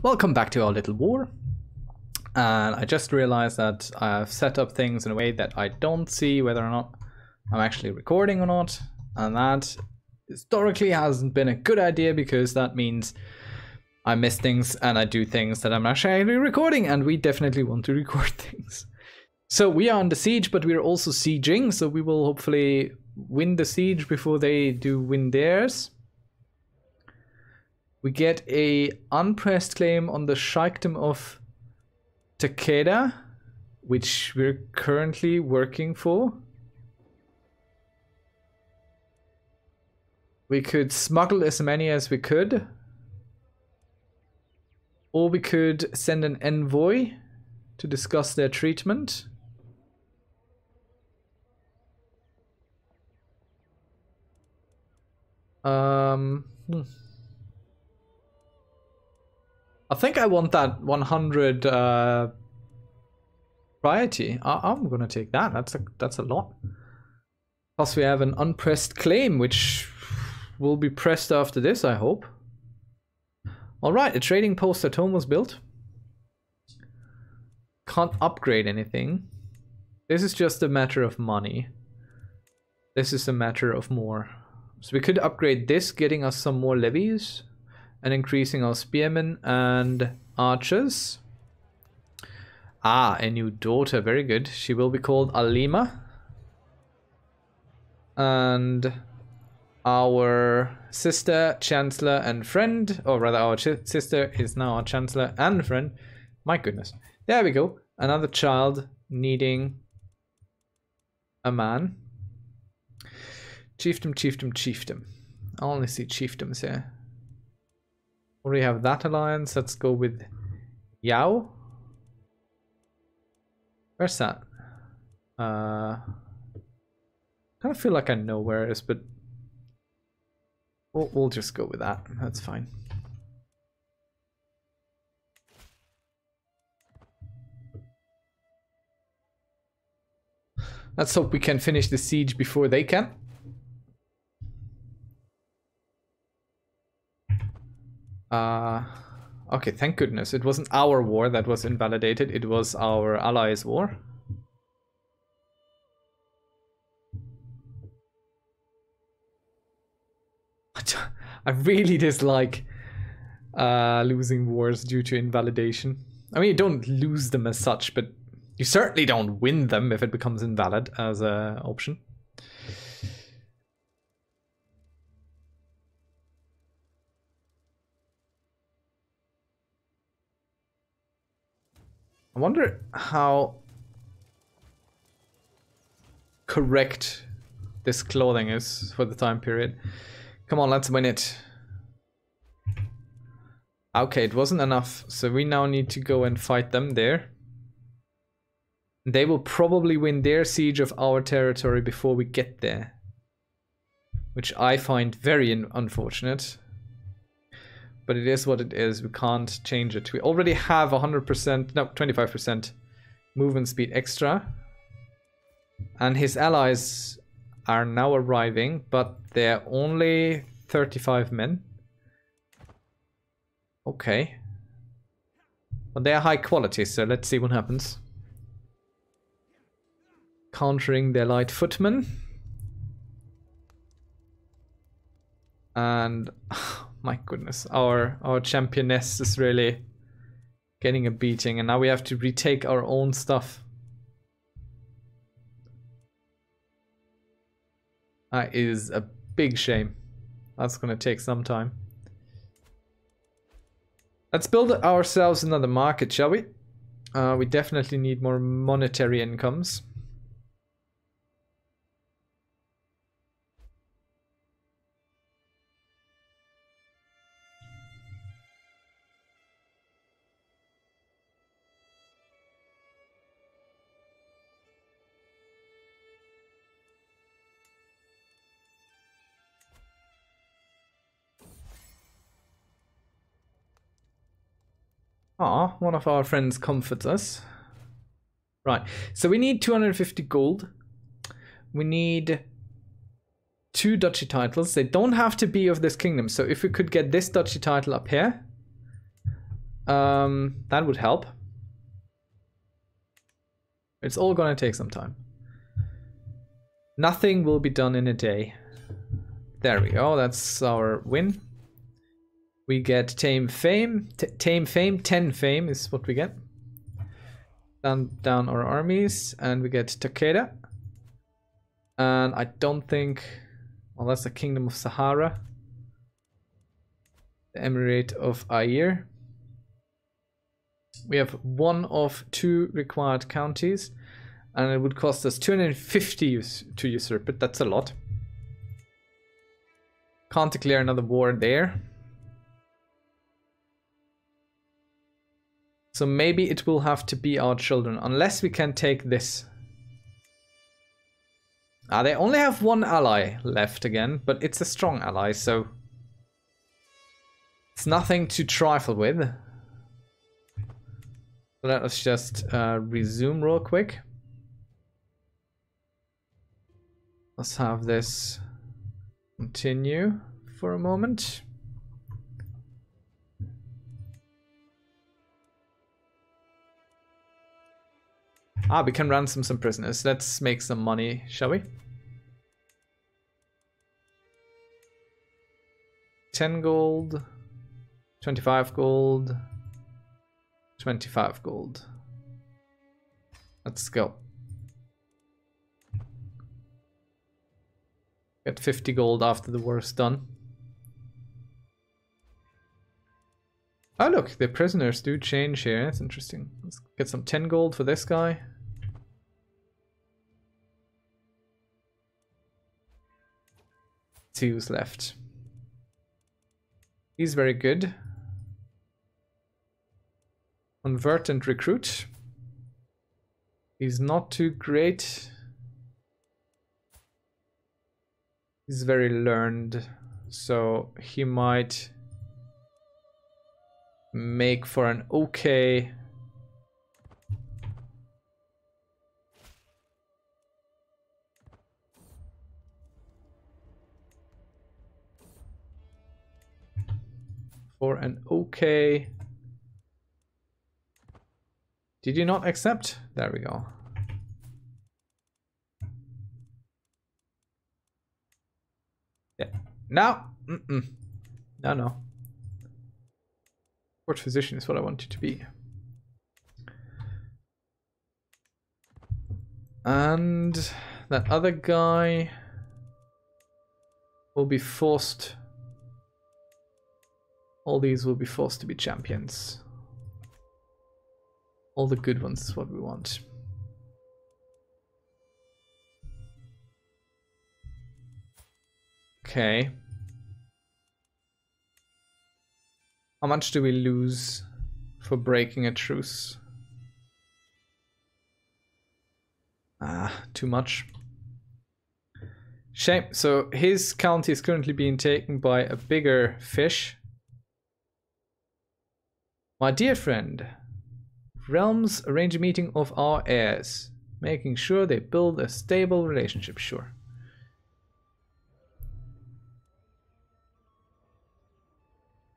Welcome back to our little war. And I just realized that I've set up things in a way that I don't see whether or not I'm actually recording or not. And that historically hasn't been a good idea because that means I miss things and I do things that I'm actually recording and we definitely want to record things. So we are under siege, but we're also sieging, so we will hopefully win the siege before they do win theirs. We get a unpressed claim on the Shikedom of Takeda, which we're currently working for. We could smuggle as many as we could. Or we could send an envoy to discuss their treatment. Um, hmm. I think I want that 100 uh, variety. I am gonna take that. That's a that's a lot. Plus we have an unpressed claim, which will be pressed after this, I hope. Alright, a trading post at home was built. Can't upgrade anything. This is just a matter of money. This is a matter of more. So we could upgrade this, getting us some more levies and increasing our spearmen and archers. Ah, a new daughter. Very good. She will be called Alima. And our sister, chancellor, and friend, or rather, our sister is now our chancellor and friend. My goodness. There we go. Another child needing a man. Chiefdom, chiefdom, chiefdom. I only see chiefdoms here already have that alliance. Let's go with Yao. Where's that? Uh, I kind of feel like I know where it is, but we'll, we'll just go with that. That's fine. Let's hope we can finish the siege before they can. Uh, okay, thank goodness. It wasn't our war that was invalidated. It was our allies' war. I really dislike uh, losing wars due to invalidation. I mean, you don't lose them as such, but you certainly don't win them if it becomes invalid as an option. I wonder how correct this clothing is for the time period. Come on, let's win it. Okay, it wasn't enough. So we now need to go and fight them there. They will probably win their siege of our territory before we get there. Which I find very unfortunate. But it is what it is. We can't change it. We already have 100%, no, 25% movement speed extra. And his allies are now arriving, but they're only 35 men. Okay. But they are high quality, so let's see what happens. Countering their light footmen. And oh, my goodness, our our championess is really getting a beating, and now we have to retake our own stuff. That is a big shame. That's gonna take some time. Let's build ourselves another market, shall we? Uh, we definitely need more monetary incomes. Ah, one of our friends comforts us. Right, so we need 250 gold. We need two duchy titles. They don't have to be of this kingdom. So if we could get this duchy title up here, um, that would help. It's all gonna take some time. Nothing will be done in a day. There we go, that's our win. We get Tame Fame. T tame Fame, 10 Fame is what we get. Down, down our armies. And we get Takeda. And I don't think... unless that's the Kingdom of Sahara. The Emirate of Ayr. We have one of two required counties. And it would cost us 250 to usurp it. That's a lot. Can't declare another war there. So maybe it will have to be our children, unless we can take this. Ah, they only have one ally left again, but it's a strong ally, so... It's nothing to trifle with. Let us just uh, resume real quick. Let's have this continue for a moment. Ah, we can ransom some prisoners. Let's make some money, shall we? 10 gold, 25 gold, 25 gold. Let's go. Get 50 gold after the war's done. Oh look, the prisoners do change here. That's interesting. Let's get some 10 gold for this guy. twos left. He's very good. Convert and recruit. He's not too great. He's very learned, so he might make for an okay for an okay. Did you not accept? There we go. Yeah. No. Mm -mm. No, no. Sports physician is what I wanted to be. And that other guy will be forced all these will be forced to be champions. All the good ones is what we want. Okay. How much do we lose for breaking a truce? Ah, too much. Shame. So his county is currently being taken by a bigger fish. My dear friend, realms arrange a meeting of our heirs, making sure they build a stable relationship, sure.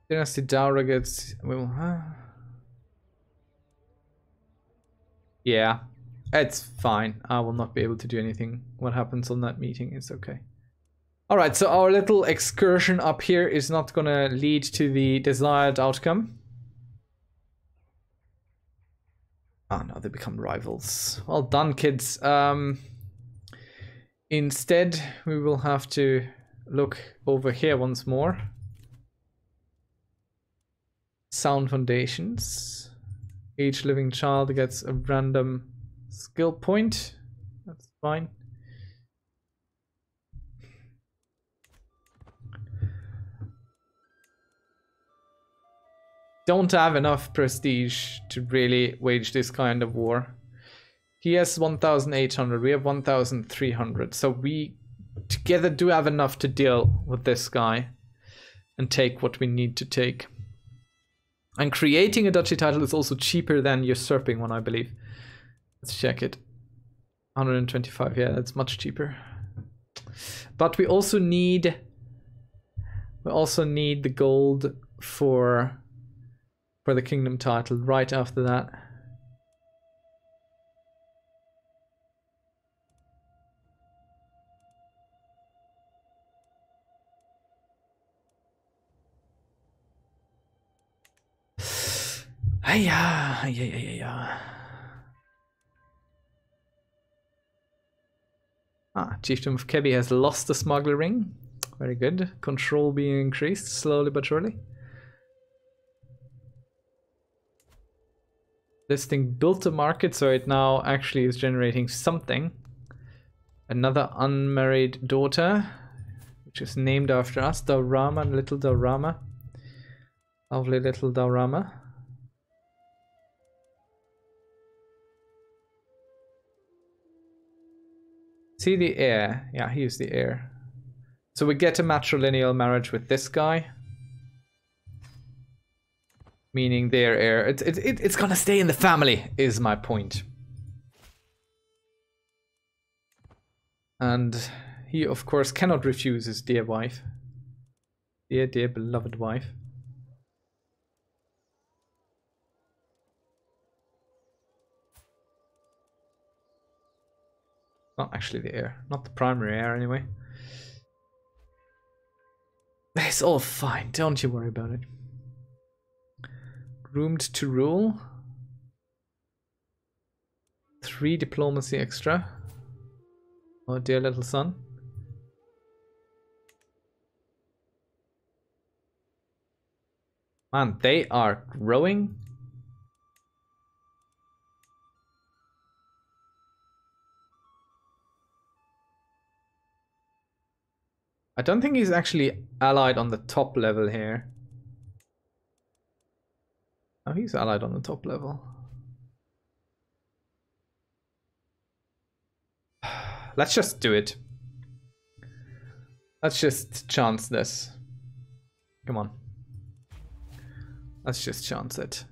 Dynasty Daura gets... Well, huh? Yeah, it's fine. I will not be able to do anything. What happens on that meeting is okay. Alright, so our little excursion up here is not gonna lead to the desired outcome. Oh no, they become rivals. Well done, kids. Um, instead, we will have to look over here once more. Sound foundations. Each living child gets a random skill point. That's fine. don't have enough prestige to really wage this kind of war. He has 1,800, we have 1,300, so we together do have enough to deal with this guy and take what we need to take. And creating a duchy title is also cheaper than usurping one, I believe. Let's check it. 125, yeah, that's much cheaper. But we also need... We also need the gold for for the kingdom title right after that. Hey yeah, yeah, yeah, yeah. Ah, Chieftain of Kebi has lost the smuggler ring. Very good. Control being increased slowly but surely. This thing built a market, so it now actually is generating something. Another unmarried daughter, which is named after us, and little Daurama. Lovely little Daurama. See the heir. Yeah, he's the heir. So we get a matrilineal marriage with this guy meaning their heir. It's it, it, it's gonna stay in the family, is my point. And he, of course, cannot refuse his dear wife. Dear, dear, beloved wife. Not actually the heir. Not the primary heir, anyway. It's all fine. Don't you worry about it. Roomed to rule. Three diplomacy extra. Oh, dear little son. Man, they are growing. I don't think he's actually allied on the top level here. Oh, he's allied on the top level. Let's just do it. Let's just chance this. Come on. Let's just chance it.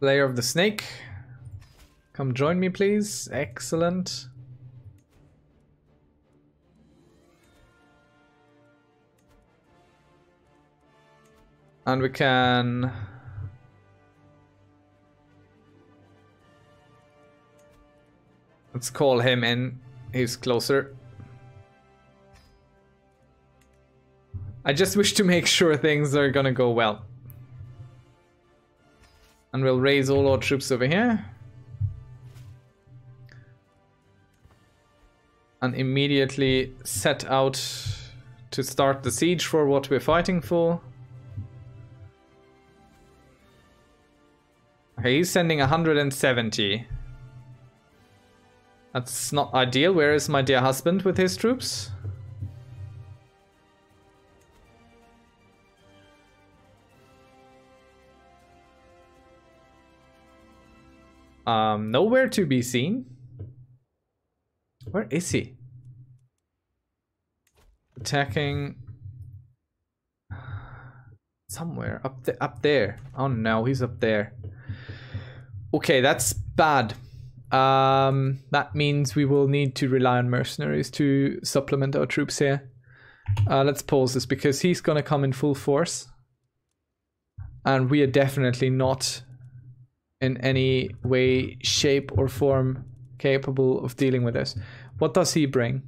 Layer of the Snake. Come join me, please. Excellent. And we can... Let's call him in. He's closer. I just wish to make sure things are gonna go well. And we'll raise all our troops over here. And immediately set out to start the siege for what we're fighting for. He's sending 170. That's not ideal. Where is my dear husband with his troops? Um, nowhere to be seen. Where is he? Attacking somewhere up Up there. Oh no, he's up there. Okay, that's bad. Um, that means we will need to rely on mercenaries to supplement our troops here. Uh, let's pause this because he's going to come in full force. And we are definitely not in any way, shape or form capable of dealing with this. What does he bring?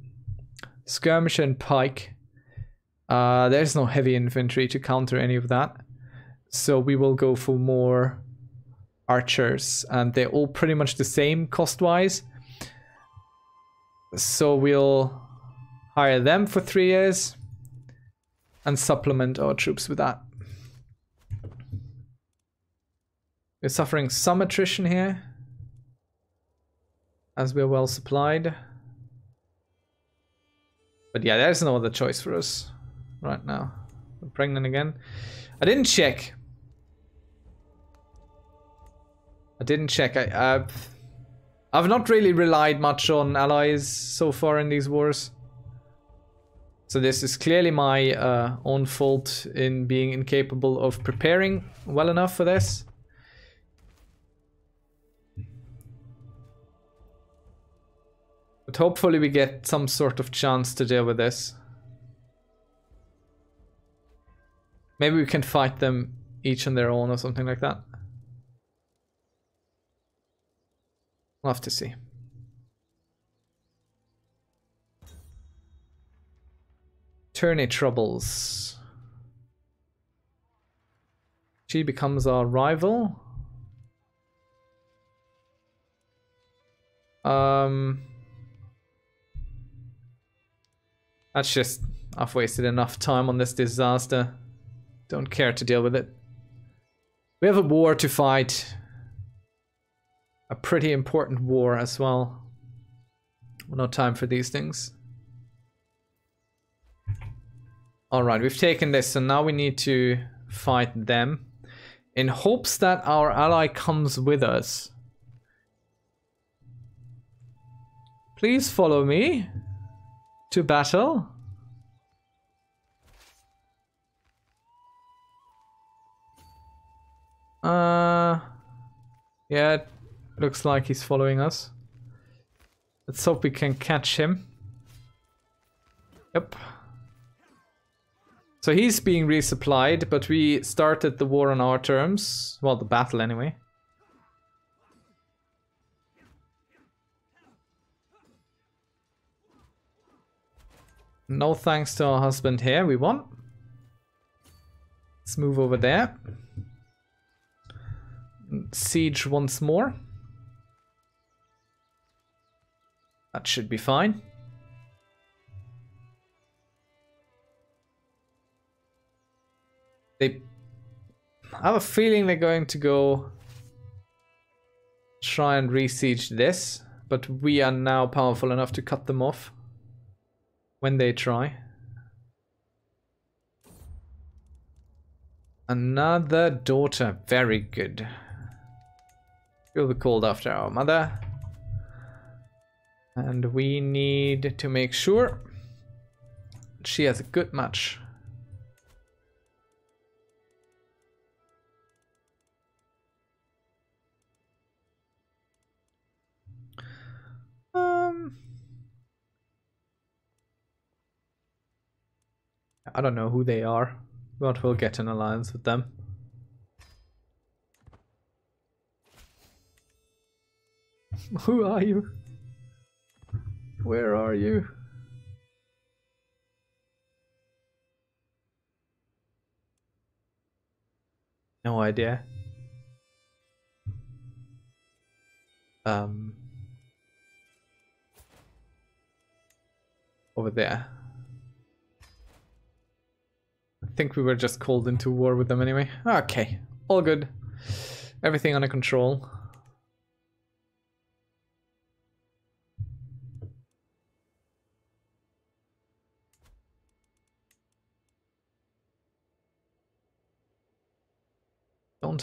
Skirmish and pike. Uh, there's no heavy infantry to counter any of that. So we will go for more archers and they're all pretty much the same cost wise so we'll hire them for three years and supplement our troops with that we're suffering some attrition here as we're well supplied but yeah there's no other choice for us right now pregnant again I didn't check I didn't check. I, I've, I've not really relied much on allies so far in these wars. So this is clearly my uh, own fault in being incapable of preparing well enough for this. But hopefully we get some sort of chance to deal with this. Maybe we can fight them each on their own or something like that. Love to see. Tourney troubles. She becomes our rival. Um, that's just, I've wasted enough time on this disaster. Don't care to deal with it. We have a war to fight a pretty important war as well. no time for these things. Alright, we've taken this, so now we need to fight them. In hopes that our ally comes with us. Please follow me to battle. Uh, yeah, Looks like he's following us. Let's hope we can catch him. Yep. So he's being resupplied, but we started the war on our terms. Well, the battle anyway. No thanks to our husband here, we won. Let's move over there. Siege once more. That should be fine. They... I have a feeling they're going to go try and re-siege this, but we are now powerful enough to cut them off when they try. Another daughter, very good. we will be called after our mother. And we need to make sure she has a good match. Um, I don't know who they are, but we'll get an alliance with them. who are you? Where are you? No idea. Um, over there. I think we were just called into war with them anyway. Okay, all good. Everything under control.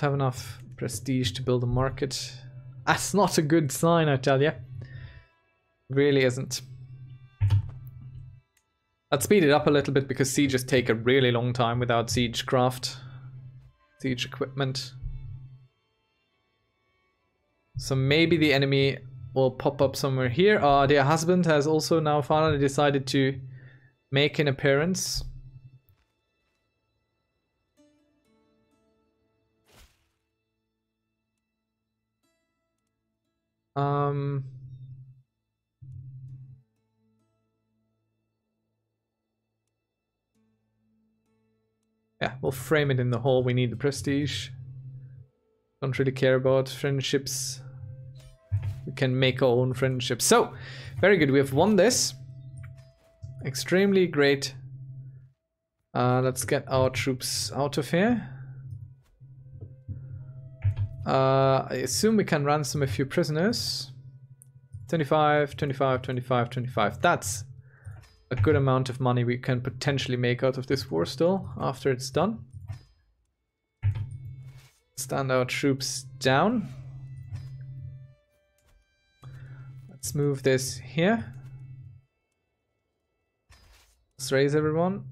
have enough prestige to build a market. That's not a good sign, I tell you. Really isn't. I'd speed it up a little bit because sieges take a really long time without siege craft. Siege equipment. So maybe the enemy will pop up somewhere here. Ah, uh, their husband has also now finally decided to make an appearance. Um. Yeah, we'll frame it in the hall. We need the prestige. Don't really care about friendships. We can make our own friendships. So, very good. We have won this. Extremely great. Uh, let's get our troops out of here. Uh, I assume we can ransom a few prisoners. 25, 25, 25, 25. That's a good amount of money we can potentially make out of this war still after it's done. Stand our troops down. Let's move this here. Let's raise everyone.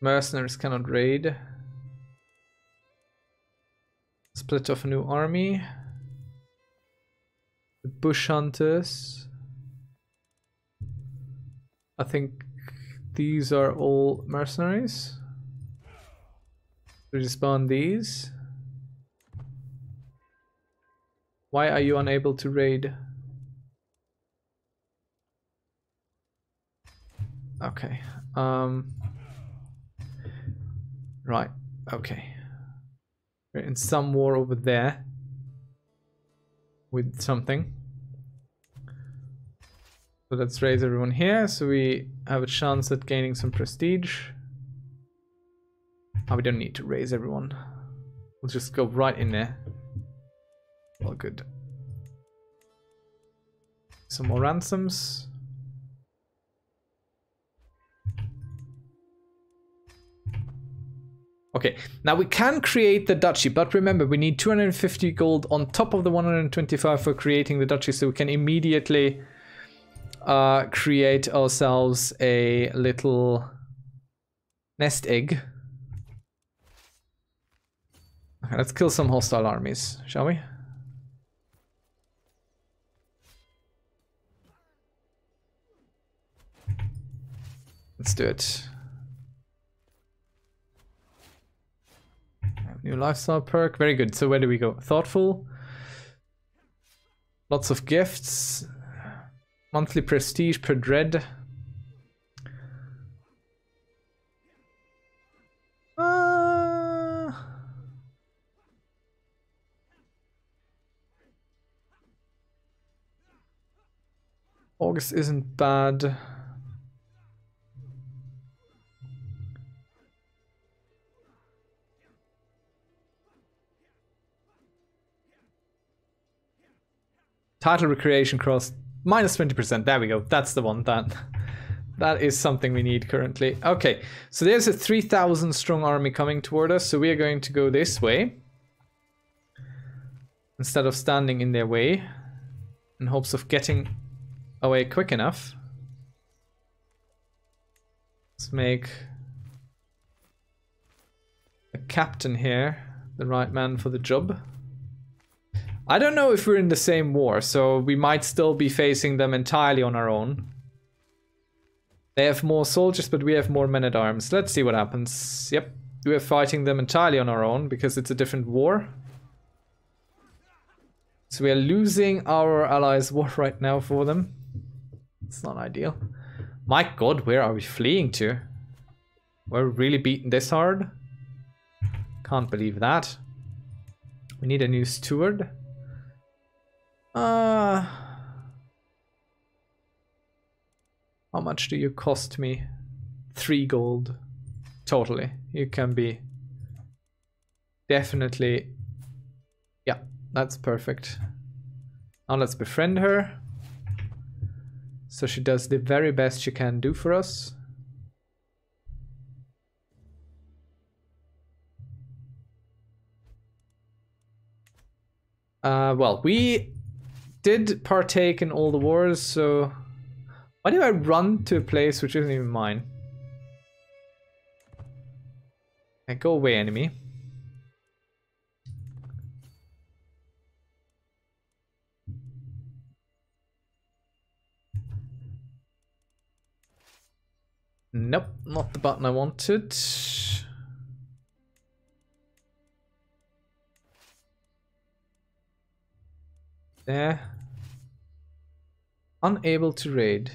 Mercenaries cannot raid. Split off a new army. The bush hunters. I think these are all mercenaries. Respawn these. Why are you unable to raid? Okay. Um, right. Okay. We're in some war over there. With something. So let's raise everyone here so we have a chance at gaining some prestige. Oh, we don't need to raise everyone. We'll just go right in there. All good. Some more ransoms. Okay, now we can create the duchy, but remember we need 250 gold on top of the 125 for creating the duchy, so we can immediately uh, create ourselves a little nest egg. Okay, let's kill some hostile armies, shall we? Let's do it. New lifestyle perk. Very good. So where do we go? Thoughtful. Lots of gifts. Monthly prestige per dread. Uh... August isn't bad. Title recreation cross minus 20%. There we go. That's the one. That that is something we need currently. Okay, so there's a 3,000 strong army coming toward us. So we are going to go this way instead of standing in their way in hopes of getting away quick enough. Let's make a captain here the right man for the job. I don't know if we're in the same war, so we might still be facing them entirely on our own. They have more soldiers, but we have more men-at-arms. Let's see what happens. Yep, we're fighting them entirely on our own, because it's a different war. So we are losing our allies' war right now for them. It's not ideal. My god, where are we fleeing to? We're really beaten this hard? Can't believe that. We need a new steward. Uh, how much do you cost me? Three gold. Totally. You can be definitely... Yeah, that's perfect. Now let's befriend her. So she does the very best she can do for us. Uh, well, we did partake in all the wars, so... Why do I run to a place which isn't even mine? And go away, enemy. Nope, not the button I wanted. there. Unable to raid.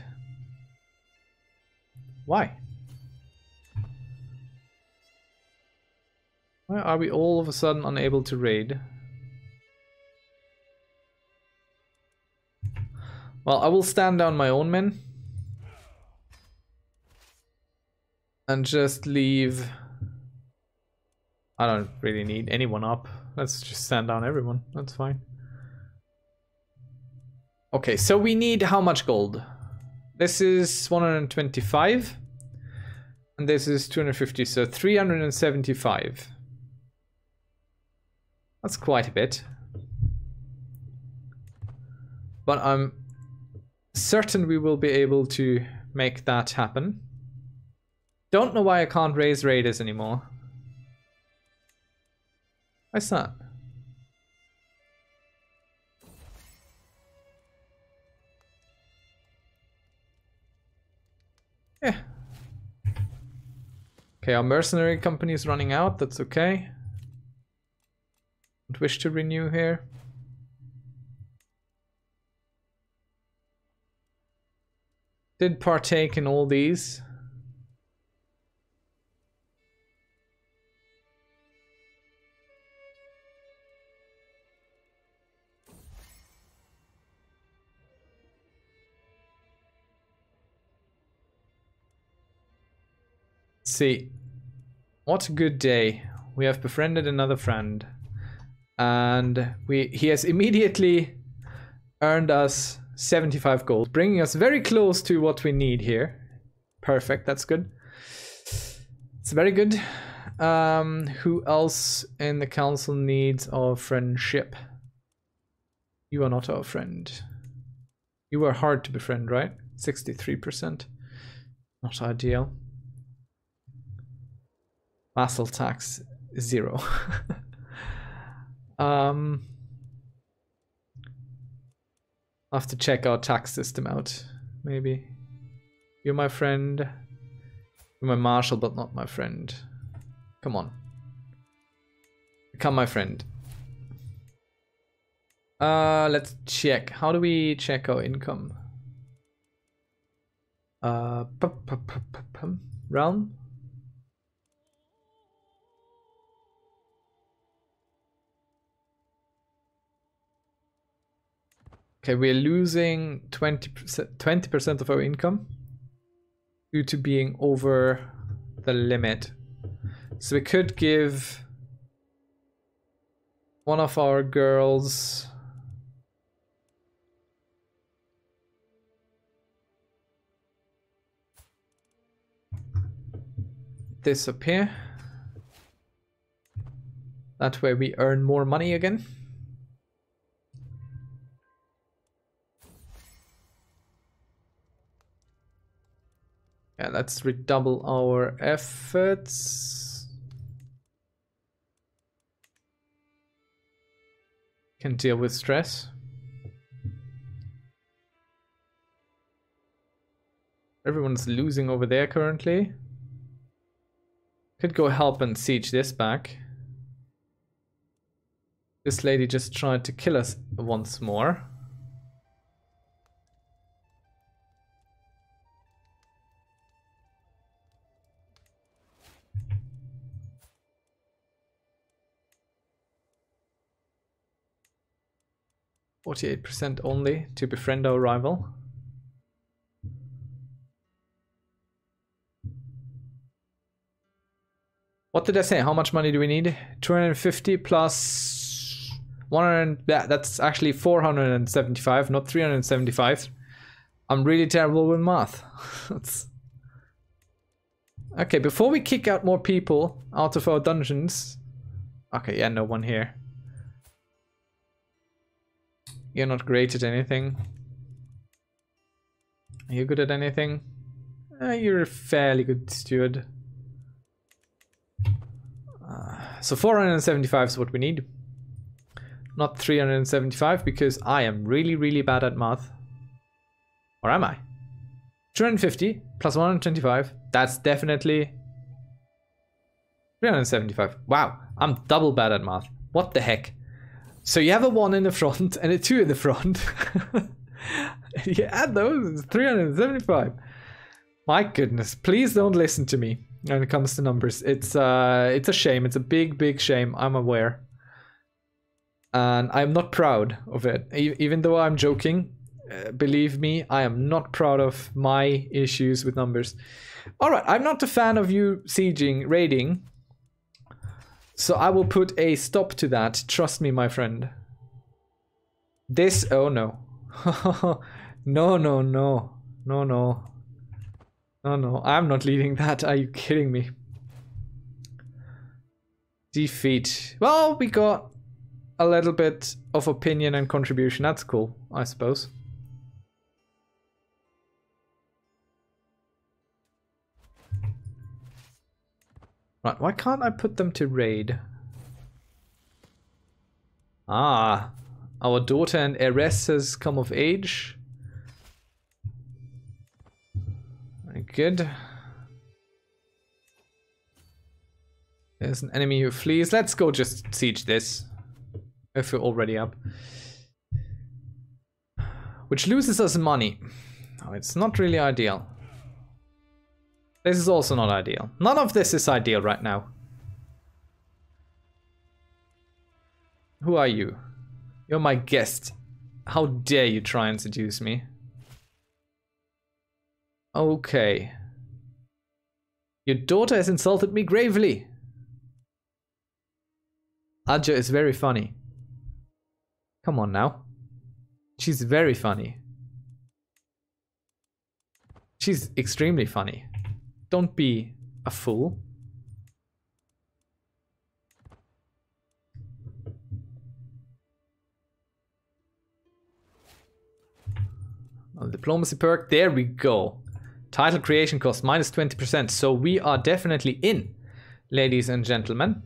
Why? Why are we all of a sudden unable to raid? Well, I will stand down my own men. And just leave... I don't really need anyone up. Let's just stand down everyone. That's fine. Okay, so we need how much gold? This is 125. And this is 250, so 375. That's quite a bit. But I'm certain we will be able to make that happen. Don't know why I can't raise raiders anymore. Why's that? Okay, our mercenary company is running out, that's okay. Don't wish to renew here. Did partake in all these. see. What a good day. We have befriended another friend. And we he has immediately earned us 75 gold, bringing us very close to what we need here. Perfect, that's good. It's very good. Um, who else in the council needs our friendship? You are not our friend. You are hard to befriend, right? 63%. Not ideal muscle tax zero. um, I'll have to check our tax system out, maybe. You're my friend. You're my marshal, but not my friend. Come on. Become my friend. Uh, let's check. How do we check our income? Uh, pum, pum, pum, realm? Okay, we're losing 20%, 20% of our income due to being over the limit. So we could give one of our girls disappear. That way we earn more money again. Yeah, let's redouble our efforts. Can deal with stress. Everyone's losing over there currently. Could go help and siege this back. This lady just tried to kill us once more. 48% only to befriend our rival. What did I say? How much money do we need? 250 plus 100. Yeah, that's actually 475, not 375. I'm really terrible with math. okay, before we kick out more people out of our dungeons. Okay, yeah, no one here. You're not great at anything. Are you good at anything? Uh, you're a fairly good steward. Uh, so 475 is what we need. Not 375 because I am really, really bad at math. Or am I? 250 plus 125. That's definitely 375. Wow, I'm double bad at math. What the heck? So you have a 1 in the front and a 2 in the front. you add those, it's 375. My goodness, please don't listen to me when it comes to numbers. It's uh it's a shame. It's a big big shame. I'm aware. And I'm not proud of it. E even though I'm joking, uh, believe me, I am not proud of my issues with numbers. All right, I'm not a fan of you sieging raiding so I will put a stop to that. Trust me, my friend. This... Oh, no. no, no, no. No, no. No, no. I'm not leading that. Are you kidding me? Defeat. Well, we got a little bit of opinion and contribution. That's cool, I suppose. Right, why can't I put them to raid? Ah, our daughter and heiress has come of age. Good. There's an enemy who flees. Let's go just siege this. If we're already up. Which loses us money. Oh, it's not really ideal. This is also not ideal. None of this is ideal right now. Who are you? You're my guest. How dare you try and seduce me? Okay. Your daughter has insulted me gravely. Adja is very funny. Come on now. She's very funny. She's extremely funny. Don't be a fool. On diplomacy perk, there we go. Title creation cost minus 20%, so we are definitely in, ladies and gentlemen.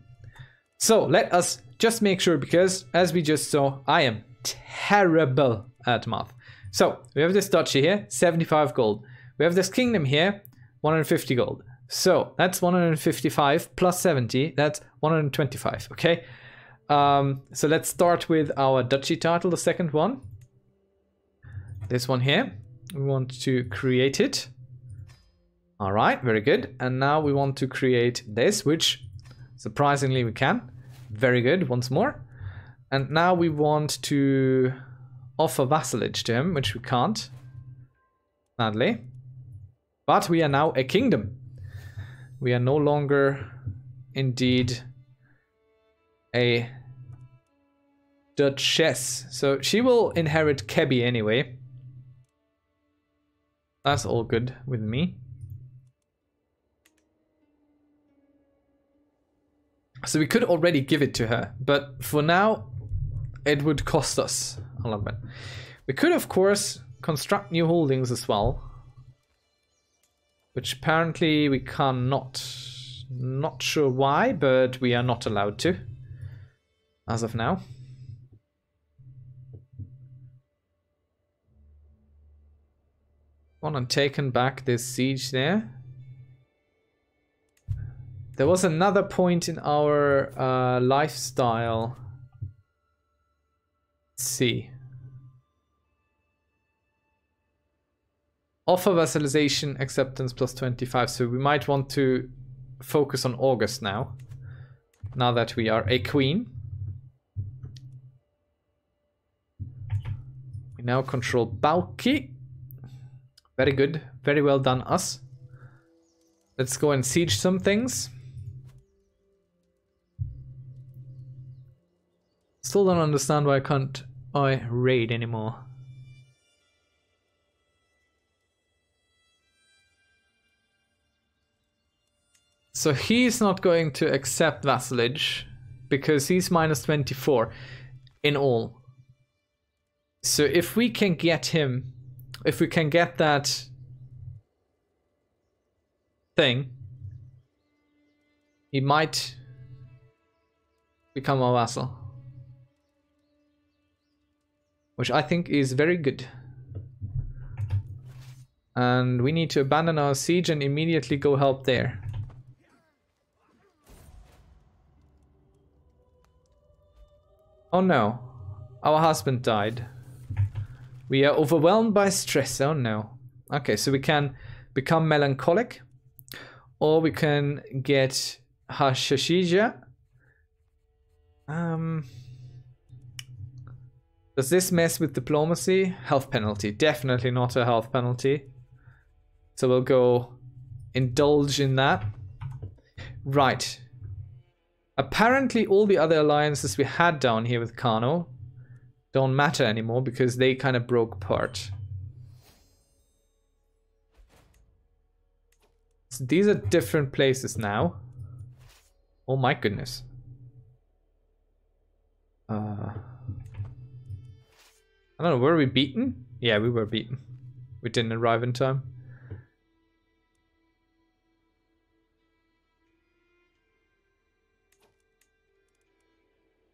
So let us just make sure, because as we just saw, I am terrible at math. So we have this duchy here, 75 gold. We have this kingdom here, 150 gold. So that's 155 plus 70, that's 125, okay? Um, so let's start with our duchy title, the second one. This one here. We want to create it. All right, very good. And now we want to create this, which surprisingly we can. Very good, once more. And now we want to offer vassalage to him, which we can't, sadly. But we are now a kingdom. We are no longer indeed a duchess. So she will inherit Kebby anyway. That's all good with me. So we could already give it to her, but for now, it would cost us a lot. We could, of course, construct new holdings as well which apparently we cannot. Not sure why, but we are not allowed to as of now. Gone and taken back this siege there. There was another point in our uh, lifestyle. Let's see. offer vassalization acceptance plus 25 so we might want to focus on August now now that we are a queen we now control Balki very good very well done us let's go and siege some things still don't understand why I can't I raid anymore So he's not going to accept vassalage because he's minus 24 in all. So if we can get him, if we can get that thing, he might become a vassal. Which I think is very good. And we need to abandon our siege and immediately go help there. Oh no. Our husband died. We are overwhelmed by stress. Oh no. Okay, so we can become melancholic. Or we can get hashishija. Um... Does this mess with diplomacy? Health penalty. Definitely not a health penalty. So we'll go indulge in that. Right. Apparently all the other alliances we had down here with Kano don't matter anymore because they kind of broke apart. So these are different places now. Oh my goodness. Uh, I don't know, were we beaten? Yeah, we were beaten. We didn't arrive in time.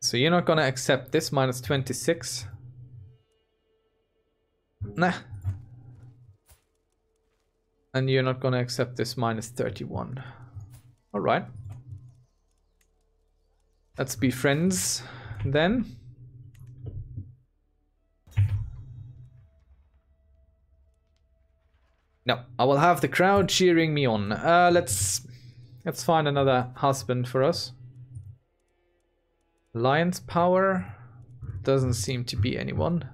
So you're not gonna accept this minus 26? Nah. And you're not gonna accept this minus 31. Alright. Let's be friends then. No, I will have the crowd cheering me on. Uh, let's let's find another husband for us. Lion's power doesn't seem to be anyone.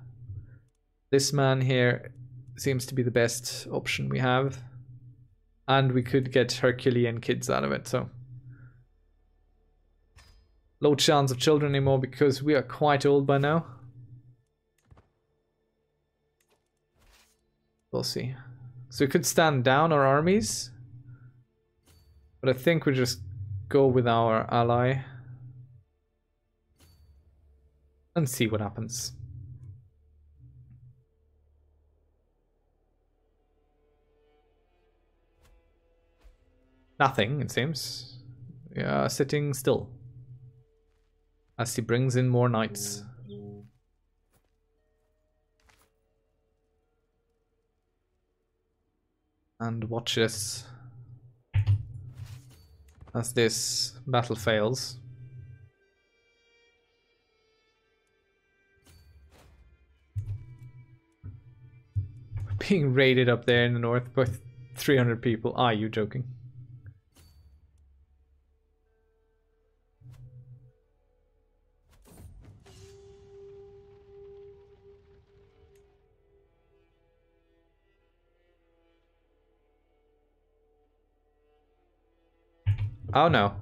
This man here seems to be the best option we have. And we could get Herculean kids out of it, so. Low chance of children anymore because we are quite old by now. We'll see. So we could stand down our armies. But I think we just go with our ally and see what happens. Nothing, it seems. Yeah, sitting still. As he brings in more knights. And watches as this battle fails. being raided up there in the north by 300 people. Are ah, you joking? Oh no.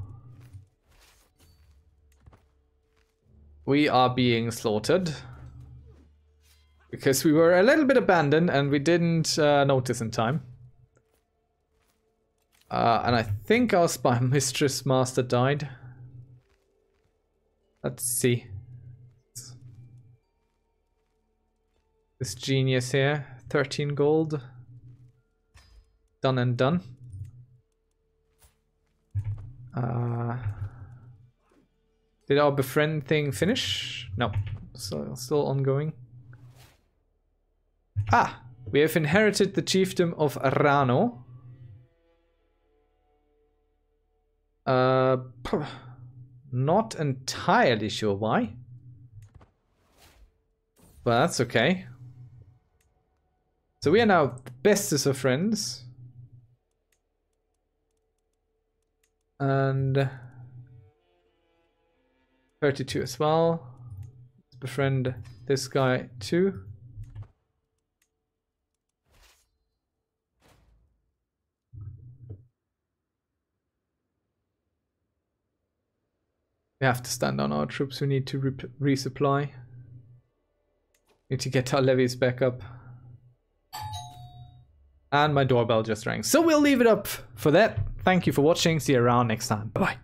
We are being slaughtered. Because we were a little bit abandoned and we didn't uh, notice in time. Uh, and I think our spy mistress master died. Let's see. This genius here, 13 gold. Done and done. Uh, did our befriend thing finish? No, so still ongoing. Ah, we have inherited the chiefdom of Rano. Uh, not entirely sure why. But that's okay. So we are now the bestest of friends. And 32 as well. Let's befriend this guy too. We have to stand on our troops. We need to re resupply. Need to get our levies back up. And my doorbell just rang. So we'll leave it up for that. Thank you for watching. See you around next time. Bye.